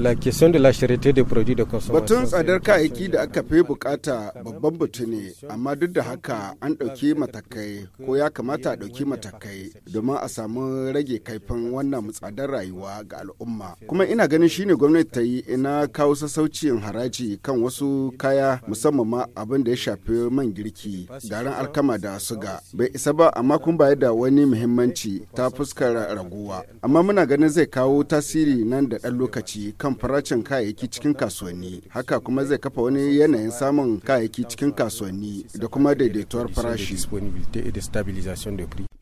La question de la charité des produits de consommation. Batun tsadar kayayyaki da aka fi bukata babban batu ne, amma duk da haka an ɗauki matakai ko ya kamata a ɗauki matakai domin a samu rage kaifin wannan tsadar rayuwa ga al'umma. Kuma ina ganin shine gwamnati ta yi ina kawo sassaucin haraji kan wasu kaya musamman ma abin da ya shafi man girki, garin alkama da suga. Bai isa ba amma kun bayar da wani muhimmanci ta fuskar raguwa. Amma muna ganin zai kawo tasiri nan da ɗan lokaci kan kan farashin kayayyaki cikin kasuwanni haka kuma zai kafa wani yanayin samun kayayyaki cikin kasuwanni da kuma daidaituwar farashi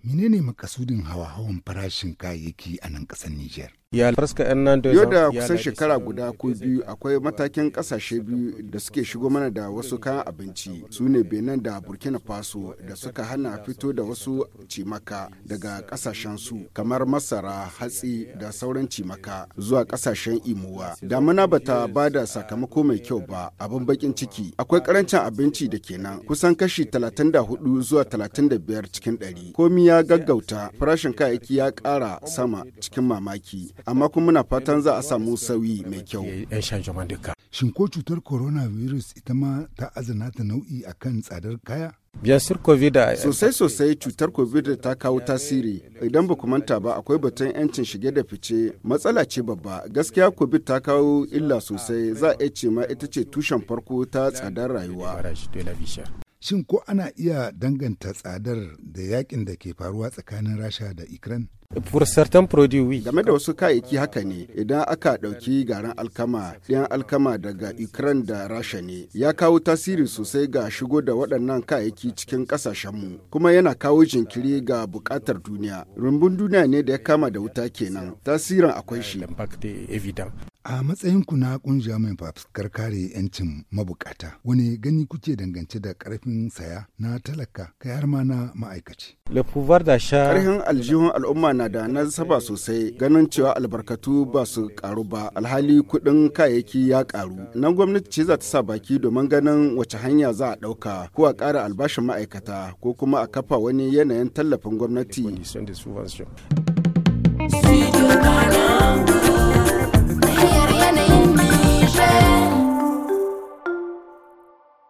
menene makasudin hawa-hawan farashin kayayyaki a nan ƙasar Nijar? Yau da kusan shekara guda ko biyu akwai matakin kasashe biyu da suke shigo mana da wasu kayan abinci su ne Benin da Burkina Faso da suka hana fito da wasu cimaka daga su kamar masara, hatsi da sauran cimaka zuwa kasashen imuwa. Damuna bata ba da sakamako mai kyau ba abin bakin ciki. Akwai karancin abinci da kenan kusan kashi 34 zuwa 35 cikin 100. Komi ya gaggauta farashin kayayyaki ya ƙara sama cikin mamaki. amma kuma muna fatan za a samu sauyi mai kyau. Shin ko cutar coronavirus ita ma ta azana ta nau'i a kan tsadar kaya? Sosai sosai cutar COVID ta kawo tasiri. Idan ba ku manta ba akwai batun yancin shige da fice matsala ce babba. Gaskiya COVID ta kawo illa sosai za a ce ma ita ce tushen farko ta tsadar rayuwa. Shin ko ana iya danganta tsadar da yakin da ke faruwa tsakanin Rasha da Ukraine? Game da wasu kayayyaki haka ne idan aka ɗauki garin alkama ɗiyan alkama daga Ukraine da Rasha ne ya kawo tasiri sosai ga shigo da waɗannan kayayyaki cikin ƙasashenmu kuma yana kawo jinkiri ga buƙatar duniya. Rumbun duniya ne da ya kama da wuta kenan tasirin akwai shi. A matsayinku na kungiya mai fafuskar kare 'yancin mabukata, wani gani kuke dangance da karfin saya na talaka kai har ma na ma'aikaci? Karfin aljihun al'umma na da nasaba sosai ganin cewa albarkatu ba su karu ba alhali kuɗin kayayyaki ya karu. Nan gwamnati ce za ta sa baki domin ganin wace hanya za a ɗauka ko a ƙara albashin ma'aikata ko kuma a kafa wani yanayin tallafin gwamnati.